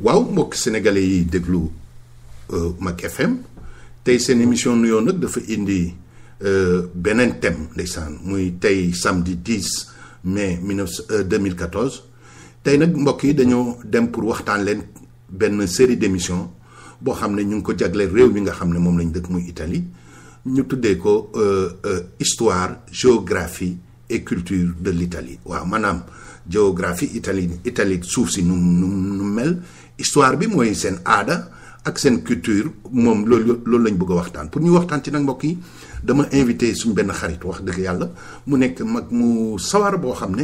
waaw mbokk sénégalais yi déglu euh, Mac FM tey seen émission nuyoo nag dafa indi euh, beneen thème ndeysaan muy tey samedi 10 mai 2014 euh, tey nag mbokk yi dañoo dem pour waxtaan leen benn série d'émissions, boo xam ne ñu ngi ko jagleel réew mi nga xam ne moom lañ dëkk muy Italie ñu tuddee ko histoire géographie et culture de l'Italie waaw manam géographie italienne, italique suuf si nu nu nu mel histoire bi mooy seen aada ak sen culture mom lolou loolu lañ bëgg a waxtaan pour ñu waxtaan ci nak mbokk yi dama invité suñu benn xarit wax deug yalla mu nek mag mu sawar bo xam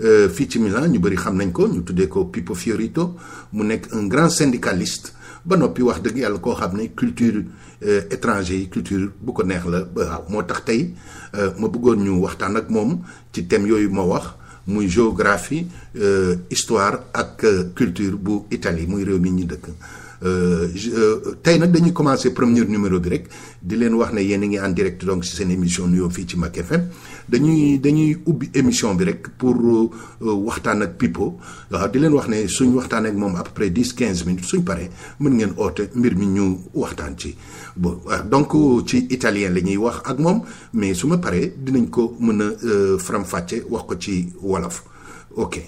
euh fi ci Milan ñu bari xam nañ ko ñu tuddee ko Pippo Fiorito mu nek un grand syndicaliste ba noppi wax dëgg yàlla koo xam ne culture euh, étranger yi culture bu ko neex la ba waaw moo tax tey euh, ma bëggoon ñu waxtaan ak moom ci thème yooyu ma wax muy géographie euh, histoire ak culture bu Italie muy réew mi ñu dëkk. Euh, euh, tay nak dañuy commencer premier numéro bi rek di leen wax ne yéen a ngi en direct donc ci seen émission nuyoo fii ci Mac FM dañuy dañuy ubbi émission bi rek pour euh, waxtaan ak Pipo waaw di leen wax ne suñ waxtaan ak moom à peu près dix quinze minutes suñ paree mën ngeen oote mbir mi ñu waxtaan ci bon donc ci italien la ñuy wax ak moom mais su ma paree dinañ ko mën a faram wax ko ci wolof ok.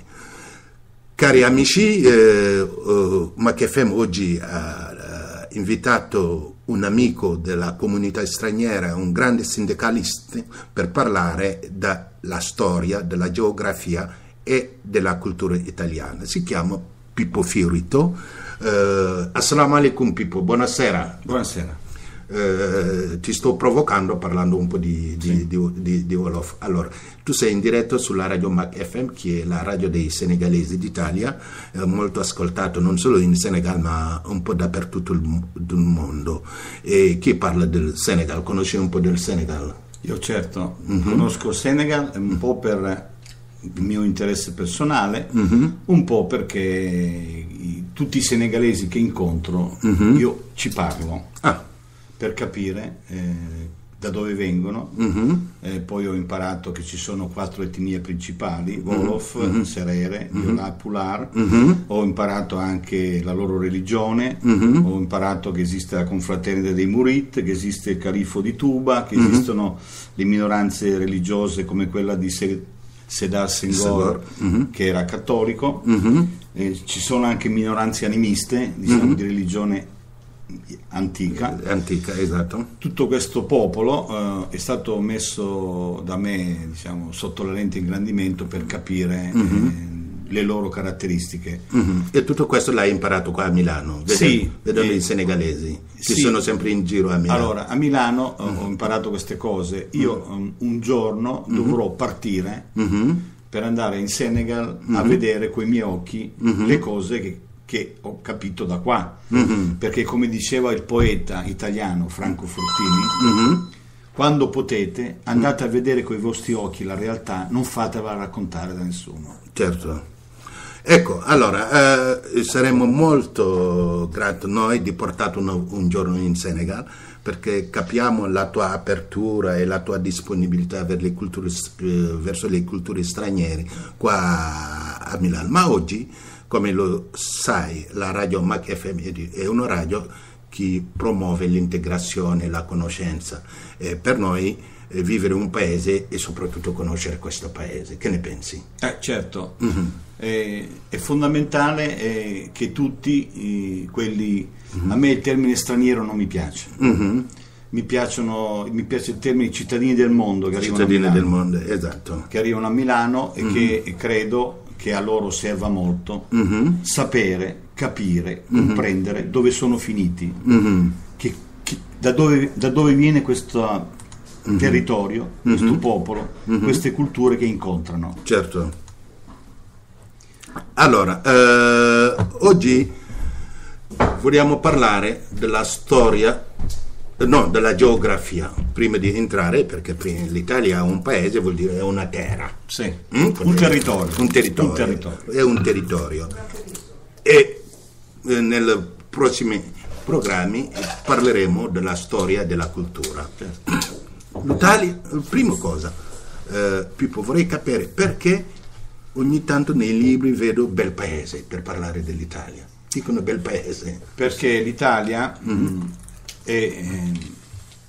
Cari amici, eh, eh, Macchefem oggi ha eh, invitato un amico della comunità straniera, un grande sindacalista, per parlare della storia, della geografia e della cultura italiana. Si chiama Pippo Fiorito. Eh, assalamu alaikum Pippo, buonasera. Buonasera. Eh, ti sto provocando parlando un po' di, di, sì. di, di Wolof. Allora, tu sei in diretta sulla radio Mac FM, che è la radio dei senegalesi d'Italia, eh, molto ascoltato non solo in Senegal ma un po' dappertutto il, il mondo. E chi parla del Senegal? Conosci un po' del Senegal? Io certo, mm-hmm. conosco Senegal un mm. po' per il mio interesse personale, mm-hmm. un po' perché tutti i senegalesi che incontro mm-hmm. io ci parlo. Ah per capire eh, da dove vengono. Uh-huh. Eh, poi ho imparato che ci sono quattro etnie principali, mm-hmm. Wolof, uh-huh. Serere, uh-huh. Pular. Uh-huh. Ho imparato anche la loro religione, ho imparato che esiste la confraternita dei Murit, che esiste il califfo di Tuba, che esistono le minoranze religiose come quella di Se- Sedar Senghor, che era cattolico. ci sono anche minoranze animiste, diciamo di religione antica. Eh, antica, esatto. Tutto questo popolo eh, è stato messo da me diciamo, sotto la lente ingrandimento per capire eh, mm-hmm. eh, le loro caratteristiche. Mm-hmm. E tutto questo l'hai imparato qua a Milano, vedendo, sì, vedendo eh, i senegalesi, che sì. sono sempre in giro a Milano. Allora, a Milano mm-hmm. ho imparato queste cose. Io mm-hmm. um, un giorno mm-hmm. dovrò partire mm-hmm. per andare in Senegal a vedere con i miei occhi le cose che che ho capito da qua, mm-hmm. perché come diceva il poeta italiano Franco Fortini, mm-hmm. quando potete andate a vedere con i vostri occhi la realtà, non fatela raccontare da nessuno. Certo. Ecco, allora eh, saremmo molto grati noi di portarti un, un, giorno in Senegal perché capiamo la tua apertura e la tua disponibilità le culture, eh, verso le culture straniere qua a Milano. Ma oggi come lo sai, la radio Mac FM è una radio che promuove l'integrazione, la conoscenza. Eh, per noi eh, vivere un paese e soprattutto conoscere questo paese. Che ne pensi? Eh, certo, mm-hmm. eh, è fondamentale eh, che tutti quelli... Mm-hmm. A me il termine straniero non mi piace. Mm-hmm. Mi, piacciono, mi, piace il termine cittadini del mondo che, arrivano a, Milano, mondo, esatto. che arrivano a Milano, e che mhm. credo che a loro serva molto, mm-hmm. sapere, capire, mm-hmm. comprendere dove sono finiti, mm-hmm. che, che, da, dove, da, dove, viene questo mhm. territorio, mhm. questo popolo, mhm. queste culture che incontrano. Certo. Allora, eh, oggi vogliamo parlare della storia no, della geografia, prima di entrare, perché l'Italia è un paese, vuol dire è una terra. Sì. Mm? Un, territorio. un, territorio. un territorio. È un territorio. E eh, nei prossimi programmi parleremo della storia e della cultura. Certo. L'Italia, prima cosa, eh, Pippo, vorrei capire perché ogni tanto nei libri vedo bel paese per parlare dell'Italia. Dicono bel paese. Perché l'Italia... Mm-hmm mm, è eh,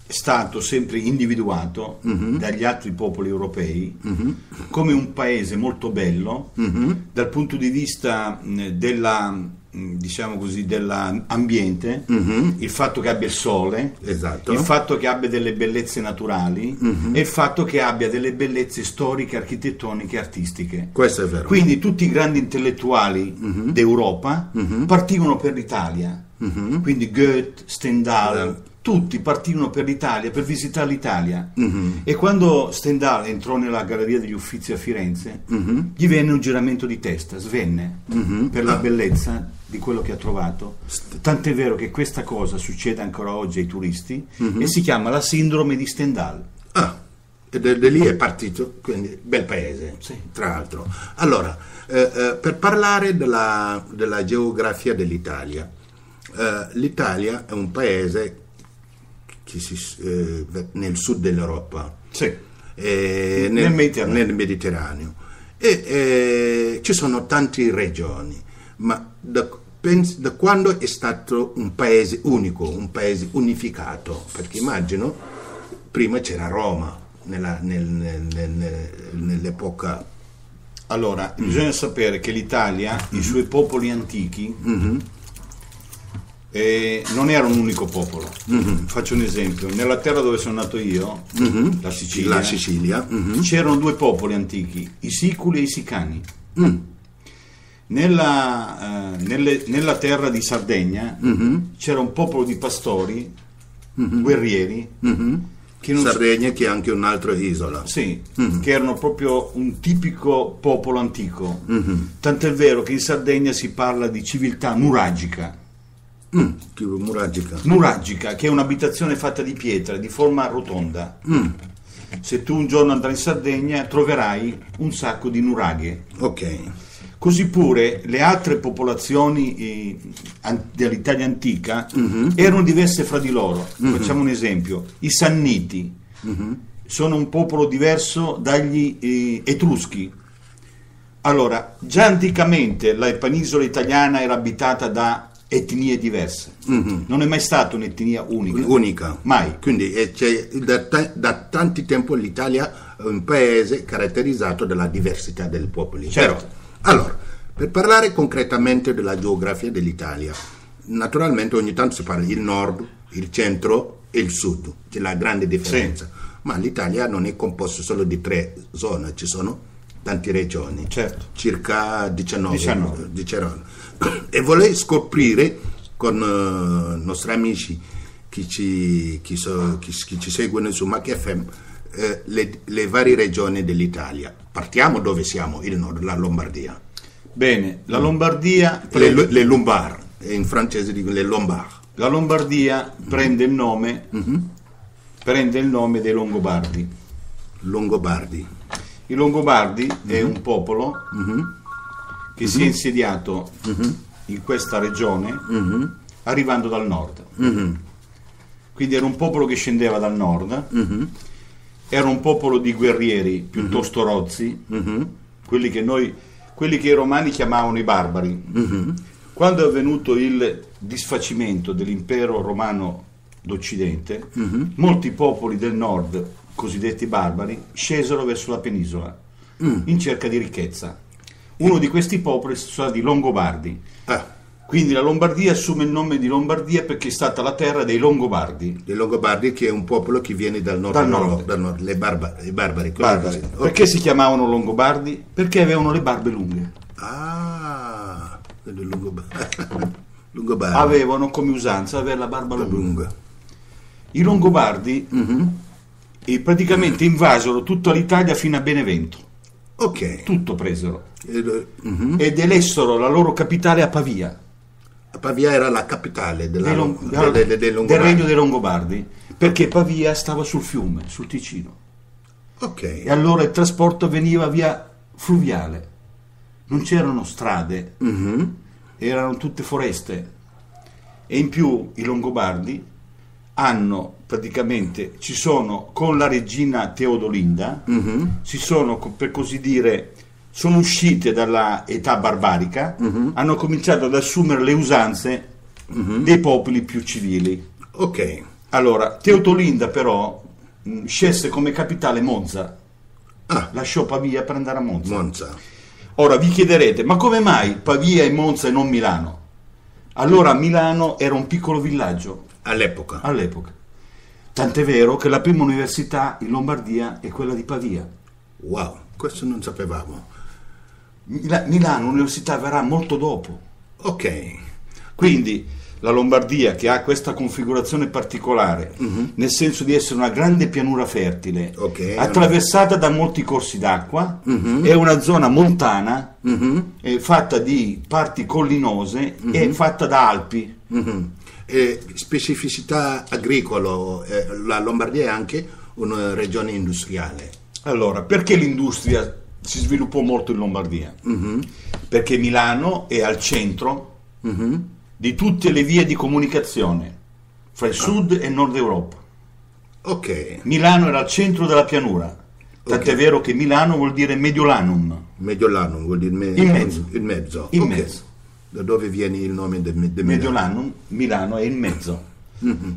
stato sempre individuato uh-huh. dagli altri popoli europei uh-huh. come un paese molto bello uh-huh. dal punto di vista della diciamo così, dell'ambiente, mm-hmm. il fatto che abbia il sole, esatto. il fatto che abbia delle bellezze naturali mm-hmm. e il fatto che abbia delle bellezze storiche, architettoniche e artistiche. Questo è vero. Quindi tutti i grandi intellettuali mm-hmm. d'Europa partivano per l'Italia mm-hmm. quindi Goethe, Stendhal, mm-hmm. tutti partirono per l'Italia, per visitare l'Italia. Mm-hmm. E quando Stendhal entrò nella Galleria degli Uffizi a Firenze, mm-hmm. gli venne un giramento di testa, svenne mm-hmm. per la bellezza di quello che ha trovato. Tant'è vero che questa cosa succede ancora oggi ai turisti mm-hmm. e si chiama la sindrome di Stendhal. Ah è, da, lì è partito, quindi bel paese, sì. tra l'altro. Allora, eh, eh, per parlare della, della geografia dell'Italia, eh, l'Italia è un paese si, eh, nel sud dell'Europa, sì. eh, nel, nel, Mediterraneo. Nel Mediterraneo. E eh, ci sono tante regioni, ma da, penso, da quando è stato un paese unico, un paese unificato? Perché immagino prima c'era Roma. Nella, nel, nel, nell'epoca. Allora, mm bisogna sapere che l'Italia, mm-hmm. i suoi popoli antichi, mm-hmm eh, non era un unico popolo. Mm-hmm. Faccio un esempio, nella terra dove sono nato io, mm-hmm. la Sicilia, la Sicilia. Mm-hmm. c'erano due popoli antichi, i siculi e i sicani. Mm. Nella, eh, nelle, nella, terra di Sardegna mhm. c'era un popolo di pastori, mhm. guerrieri, mhm. che non Sardegna che è anche un'altra isola. Sì, mm-hmm. che erano proprio un tipico popolo antico. Mm-hmm. Tant'è vero che in Sardegna si parla di civiltà nuragica. Mm. Tipo nuragica. Nuragica, che è un'abitazione fatta di pietra, di forma rotonda. Mm. Se tu un giorno andrai in Sardegna troverai un sacco di nuraghe. Ok. Così pure le altre popolazioni eh, dell'Italia antica mm-hmm. erano diverse fra di loro. Mm-hmm. Facciamo un esempio. I Sanniti mm-hmm. sono un popolo diverso dagli eh, Etruschi. Allora, già anticamente la penisola italiana era abitata da etnie diverse. Mm-hmm. Non è mai stata un'etnia unica. Unica. Mai. Quindi cioè, da, da tanti tempo l'Italia è un paese caratterizzato dalla diversità del popolo. Certo. Allora, per parlare concretamente della geografia dell'Italia, naturalmente ogni tanto si parla del nord, il centro e il sud, c'è la grande differenza. Sì. Ma l'Italia non è composta solo di tre zone, ci sono tante regioni, certo. circa 19. 19. 19 e volevo scoprire con i eh, nostri amici che ci, chi so, chi, chi ci seguono su MacFM eh, le, le, varie regioni dell'Italia. Partiamo dove siamo, il nord, la Lombardia. Bene, la mm. Lombardia... Le, le Lombard, in francese dico le Lombard. La Lombardia mm. prende, il nome, mm-hmm. prende il nome dei Longobardi. Longobardi. I Longobardi mm-hmm. è un popolo... Mm-hmm che uh-huh. si è mhm. insediato uh-huh. in questa regione uh-huh. arrivando dal nord. Quindi era un popolo che scendeva dal nord, era un popolo di guerrieri piuttosto rozzi, quelli che, noi, quelli, che i romani chiamavano i barbari. Quando è avvenuto il disfacimento dell'impero romano d'Occidente, molti popoli del nord, cosiddetti barbari, scesero verso la penisola mm. in cerca di ricchezza uno di questi popoli sono stati i Longobardi. Ah. Quindi la Lombardia assume il nome di Lombardia perché è stata la terra dei Longobardi. Dei Longobardi che è un popolo che viene dal nord, dal nord. dal nord le barba, i barbari. barbari. Perché si chiamavano Longobardi? Perché avevano le barbe lunghe. Ah, Longobardi. Longobardi. Avevano come usanza avere la barba lunga. lunga. I Longobardi mm-hmm. praticamente invasero tutta l'Italia fino a Benevento Ok. Tutto presero. Uh-huh. Ed elessero la loro capitale a Pavia. Pavia era la capitale della, dei Long- della, dei, dei del regno dei Longobardi, perché Pavia stava sul fiume, sul Ticino. Ok. E allora il trasporto veniva via fluviale. Non c'erano strade, uh-huh. erano tutte foreste. E in più i Longobardi hanno praticamente ci sono con la regina Teodolinda, mm-hmm. si sono per così dire sono uscite età barbarica, mm-hmm. hanno cominciato ad assumere le usanze mm-hmm. dei popoli più civili. Ok. Allora, Teodolinda però mm, scelse come capitale Monza. Ah. Lasciò Pavia per andare a Monza. Monza. Ora vi chiederete, ma come mai Pavia e Monza e non Milano? Allora Milano era un piccolo villaggio All'epoca. All'epoca. Tant'è vero che la prima università in Lombardia è quella di Pavia. Wow, questo non sapevamo. Mil- Milano, l'università verrà molto dopo. Ok. Quindi la Lombardia che ha questa configurazione particolare, uh-huh. nel senso di essere una grande pianura fertile, okay, attraversata allora. da molti corsi d'acqua, uh-huh. è una zona montana, uh-huh. fatta di parti collinose e fatta da Alpi eh, specificità agricola, eh, la Lombardia è anche una regione industriale. Allora, perché l'industria si sviluppò molto in Lombardia? Mm-hmm. Perché Milano è al centro mm-hmm. di tutte le vie di comunicazione fra il ah. sud ah. e nord Europa. Ok. Milano era al centro della pianura. Tant'è okay. vero che Milano vuol dire Mediolanum. Mediolanum vuol dire me- in mezzo. In mezzo. In okay. mezzo. Da dove viene il nome del de Mediolanum? Milano è in mezzo. Mm-hmm.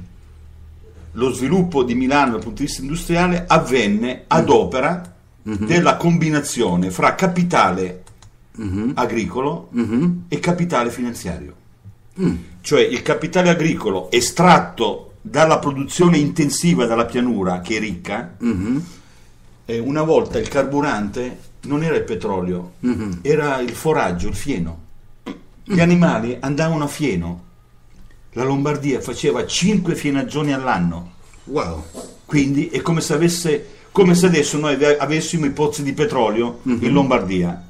Lo sviluppo di Milano dal punto di vista industriale avvenne ad mm. opera mm-hmm. della combinazione fra capitale mm-hmm. agricolo mm-hmm. e capitale finanziario. Mm. Cioè il capitale agricolo estratto dalla produzione intensiva dalla pianura, che è ricca, eh, una volta il carburante non era il petrolio, mm-hmm. era il foraggio, il fieno. Gli animali andavano a fieno. La Lombardia faceva 5 fienaggioni all'anno. Wow. Quindi è come se, avesse, come se adesso noi avessimo i pozzi di petrolio mm-hmm. in Lombardia.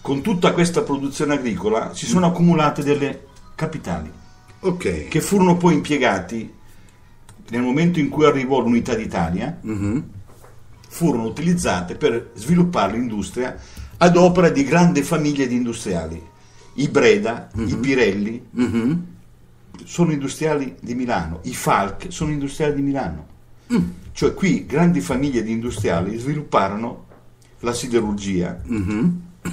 Con tutta questa produzione agricola si sono mm. accumulate delle capitali okay. che furono poi impiegati nel momento in cui arrivò l'unità d'Italia. Mm-hmm. Furono utilizzate per sviluppare l'industria ad opera di grandi famiglie di industriali i Breda, mm-hmm. i mhm. Pirelli mm-hmm. sono industriali di Milano, i Falc sono industriali di Milano. Mm. Cioè qui grandi famiglie di industriali svilupparono la siderurgia, mm-hmm.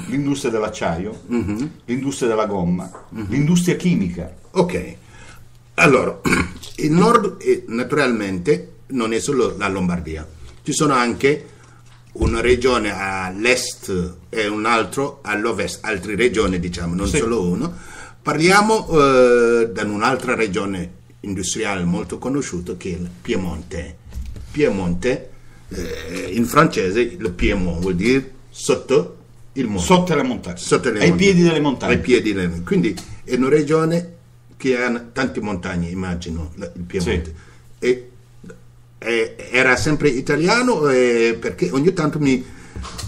l'industria dell'acciaio, mhm. l'industria della gomma, mhm. l'industria chimica. Ok, allora il nord eh, naturalmente non è solo la Lombardia, ci sono anche una regione all'est e un altro all'ovest, altre regioni diciamo, non sì. solo uno. Parliamo eh, da un'altra regione industriale molto conosciuta che è il Piemonte. Piemonte, eh, in francese il Piemonte vuol dire sotto il monte. Sotto le montagne. Sotto le ai montagne. piedi delle montagne. Ai piedi delle montagne. Quindi è una regione che ha tante montagne, immagino, il Piemonte. Sì. E eh, era sempre italiano eh, perché ogni tanto mi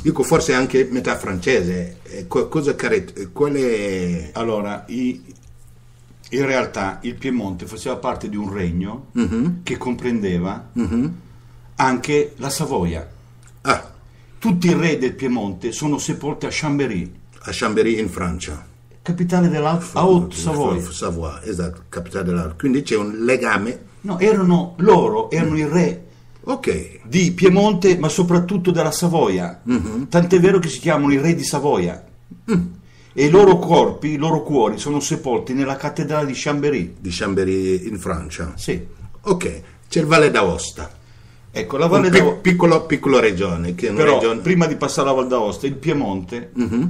dico forse anche metà francese. Eh, cosa caret- eh, quale... Allora, i, in realtà il Piemonte faceva parte di un regno uh-huh. che comprendeva uh-huh. anche la Savoia. Ah. Tutti i re del Piemonte sono sepolti a Chambéry. A Chambéry in Francia. Capitale della Savoia. Savoie. esatto, capitale della Quindi c'è un legame No, erano loro, erano i re okay. di Piemonte, ma soprattutto della Savoia. Mm-hmm. Tant'è vero che si chiamano i re di Savoia. Mm. E i loro corpi, i loro cuori sono sepolti nella cattedrale di Chambéry. Di Chambéry in Francia? Sì. Ok, c'è il Valle d'Aosta. Ecco, la Valle d'Aosta... piccolo, piccolo regione. Che Però, regione... prima di passare alla Valle d'Aosta, il Piemonte mm-hmm.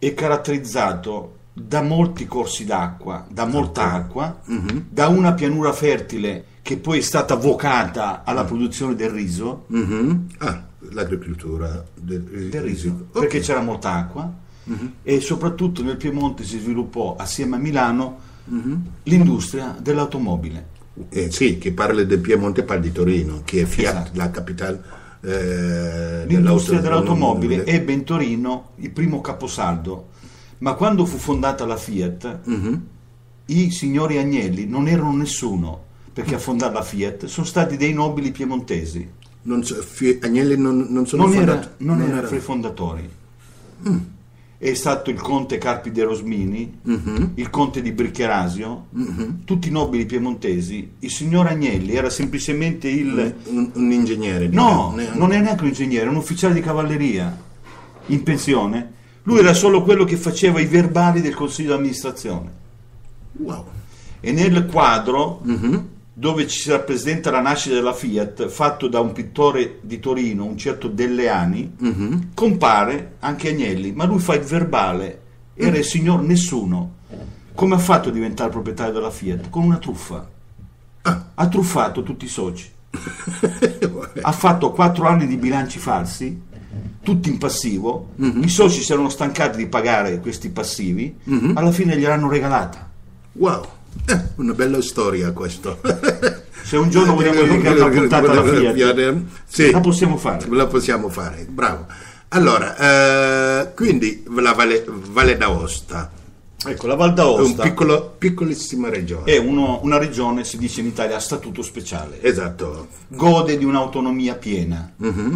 è caratterizzato da molti corsi d'acqua, da molta okay. acqua, mm-hmm. da una pianura fertile che poi è stata vocata alla mm produzione del riso. Mm-hmm. Ah, l'agricoltura del, del riso, okay. perché c'era molta acqua mhm. e soprattutto nel Piemonte si sviluppò assieme a Milano mhm. l'industria dell'automobile. Eh, sì, chi parla del Piemonte parla di Torino, che è Fiat, esatto. la capitale eh, L'industria dell'automobile ebbe in Torino il primo caposaldo ma quando fu fondata la Fiat, mm-hmm. i signori Agnelli non erano nessuno, perché a fondare la Fiat sono stati dei nobili piemontesi. Non so, Fie, Agnelli non, non sono stati fondato, era, non, non era, i fondatori. Mm. È stato il conte Carpi de Rosmini, mm-hmm. il conte di Bricherasio, mm-hmm. tutti i nobili piemontesi. Il signor Agnelli era semplicemente il... Un, un ingegnere. No, ne... non è neanche un ingegnere, è un ufficiale di cavalleria in pensione lui era solo quello che faceva i verbali del consiglio di amministrazione. Wow. E nel quadro mm-hmm. dove ci si rappresenta la nascita della Fiat, fatto da un pittore di Torino, un certo Delleani, mm-hmm. compare anche Agnelli, ma lui fa il verbale, era mm-hmm. il signor nessuno. Come ha fatto a diventare proprietario della Fiat? Con una truffa. Ah. Ha truffato tutti i soci. ha fatto quattro anni di bilanci falsi tutti in passivo, mm-hmm. i soci si erano stancati di pagare questi passivi, mm-hmm. alla fine gliel'hanno regalata. Wow, eh, una bella storia questo. Se un giorno vogliamo dedicare eh, una puntata alla Fiat, Fiat eh, sì, la possiamo fare. La possiamo fare, bravo. Allora, eh, quindi la Valle, Valle d'Aosta. Ecco, la Val d'Aosta è una piccolissima regione. È uno, una regione, si dice in Italia, a statuto speciale. Esatto. Gode di un'autonomia piena. Mm-hmm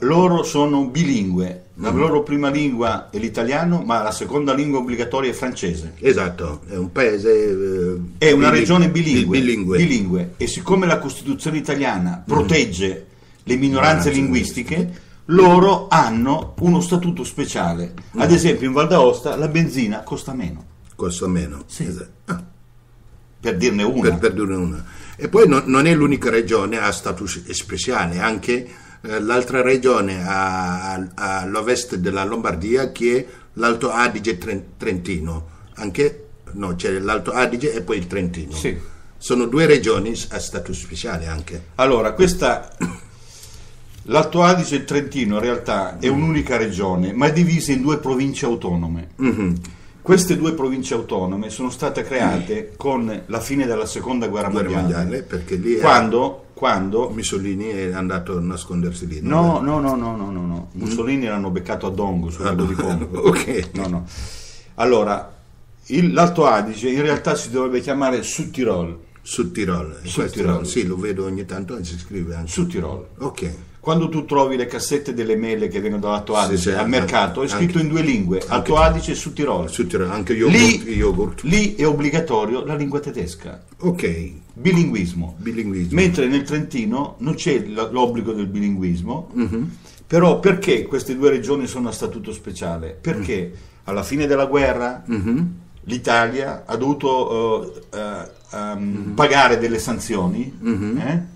loro sono bilingue, la mm. loro prima lingua è l'italiano, ma la seconda lingua obbligatoria è francese. Esatto, è un paese... Eh, è una regione bilingue, bilingue. bilingue, E siccome la Costituzione italiana mm. protegge mm. le minoranze linguistiche, linguistiche, loro hanno uno statuto speciale. Mm. Ad esempio in Val d'Aosta la benzina costa meno. Costa meno, sì. Esatto. Ah. Per dirne una. Per, per dirne una. E poi no, non è l'unica regione a status speciale, anche eh, l'altra regione a, a, all'ovest della Lombardia che è l'Alto Adige Trentino, anche no, c'è l'Alto Adige e poi il Trentino. Sì. Sono due regioni a status speciale anche. Allora, questa l'Alto Adige e il Trentino in realtà è mm. un'unica regione, ma è divisa in due province autonome. Mm-hmm. Queste due province autonome sono state create mm. con la fine della seconda guerra, guerra mondiale, mondiale quando quando Mussolini è andato a nascondersi lì. No, no, no, no, no, no, no, mm? Mussolini l'hanno beccato a Dongo sul lago di ah, Congo. ok. No, no. Allora, il, l'Alto Adige in realtà si dovrebbe chiamare Sud Tirol. Sud Tirol. Eh, Sud Tirol. Sì, lo vedo ogni tanto, si scrive anche. Sud Tirol. Ok quando tu trovi le cassette delle mele che vengono dall'Alto Adige sì, al mercato, è scritto in due lingue, Alto Adige e su Tirol. Su Tirolo, anche yogurt, lì, yogurt. Lì è obbligatorio la lingua tedesca. Ok. Bilinguismo. bilinguismo. Mentre nel Trentino non c'è l'obbligo del bilinguismo, mm-hmm. però perché queste due regioni sono a statuto speciale? Perché mm-hmm. alla fine della guerra... Mm-hmm l'Italia ha dovuto uh, uh, um, mm-hmm. pagare delle sanzioni mm-hmm. eh?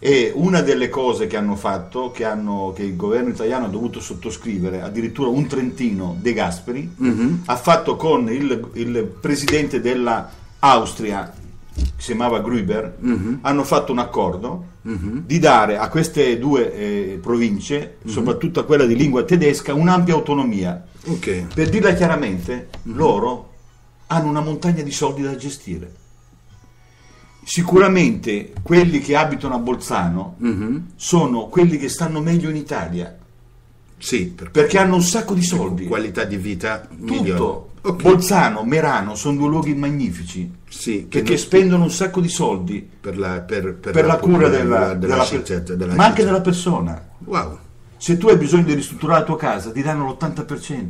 E una delle cose che hanno fatto, che, hanno, che il governo italiano ha dovuto sottoscrivere, addirittura un trentino De Gasperi, mm-hmm. ha fatto con il, il presidente dell'Austria, che si chiamava Gruber, mm-hmm. hanno fatto un accordo mm-hmm. di dare a queste due eh, province, mhm. soprattutto a quella di lingua tedesca, un'ampia autonomia. Okay. Per dirla chiaramente, mhm. loro hanno una montagna di soldi da gestire sicuramente quelli che abitano a Bolzano mm-hmm. sono quelli che stanno meglio in Italia. Sì, perché, perché hanno un sacco di soldi. Qualità di vita migliore. Okay. Bolzano, Merano sono due luoghi magnifici sì, perché non... spendono un sacco di soldi per la, per, per per la, la cura della, della, della, città, della, ma anche della persona. Wow. Se tu hai bisogno di ristrutturare la tua casa, ti danno l'80%.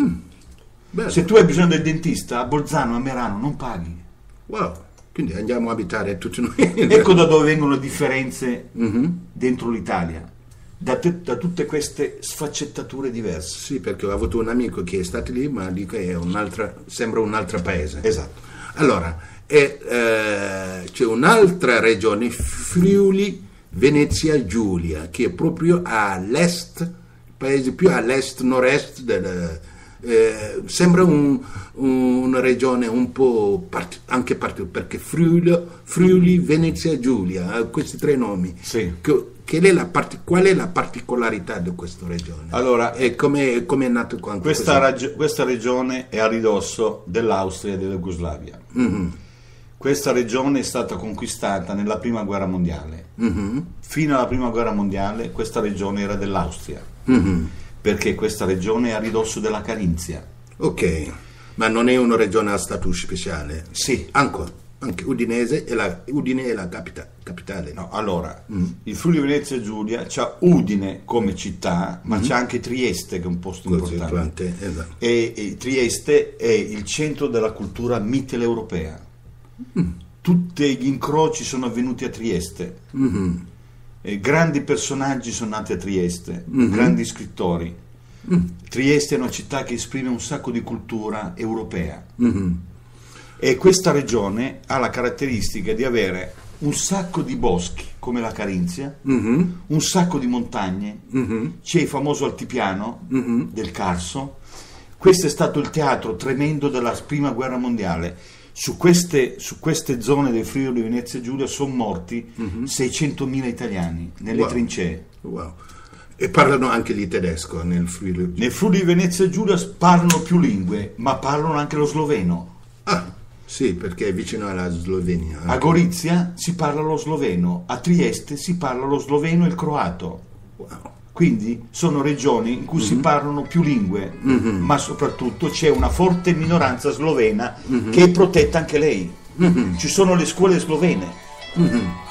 Mm. Se tu hai bisogno del dentista, a Bolzano, a Merano non paghi. Wow. Quindi andiamo a abitare tutti noi. ecco da dove vengono le differenze mm-hmm. dentro l'Italia. Da, t- da, tutte queste sfaccettature diverse. Sì, perché ho avuto un amico che è stato lì, ma lì è un'altra, sembra un altro paese. Esatto. Allora, e, eh, c'è un'altra regione, Friuli, Venezia Giulia, che è proprio all'est, il paese più all'est, nord-est del, eh, sembra un, una regione un po' part- anche particolare perché Friuli, Friuli, Venezia Giulia, eh, questi tre nomi. Sì. Che, che è part- qual è la particolarità di questa regione? Allora, e come è nato questa, raggi- questa, regione è a ridosso dell'Austria e della Jugoslavia. Mm-hmm. Questa regione è stata conquistata nella prima guerra mondiale. Mm-hmm. Fino alla prima guerra mondiale questa regione era dell'Austria. Mm-hmm perché questa regione è a ridosso della Carinzia. Ok, ma non è una regione a status speciale? Sì. Ancora? Anche Udinese è la, Udine è la capita, capitale. No, allora, mm. il Friuli Venezia Giulia c'ha Udine come città, ma mm. c'è anche Trieste che è un posto Così, importante. Esatto. E, e, Trieste è il centro della cultura mitteleuropea. Mm. Tutti gli incroci sono avvenuti a Trieste. Mm-hmm eh, grandi personaggi sono nati a Trieste, mm-hmm. grandi scrittori. Mm. Trieste è una città che esprime un sacco di cultura europea mm-hmm. e questa regione ha la caratteristica di avere un sacco di boschi come la Carinzia, mm-hmm. un sacco di montagne, mhm. c'è il famoso altipiano mhm. del Carso, questo è stato il teatro tremendo della prima guerra mondiale su queste, su queste zone del Friuli Venezia Giulia sono morti mm-hmm. 600.000 italiani nelle wow. trincee. Wow. E parlano anche di tedesco nel Friuli. Nel Friuli Venezia Giulia parlano più lingue, ma parlano anche lo sloveno. Ah. Sì, perché è vicino alla Slovenia. Eh. A Gorizia si parla lo sloveno, a Trieste si parla lo sloveno e il croato. Wow. Quindi sono regioni in cui mm-hmm. si mhm. parlano più lingue, mm-hmm. ma soprattutto c'è una forte minoranza slovena mm-hmm. che è protetta anche lei. Mhm. Ci sono le scuole slovene. Mhm.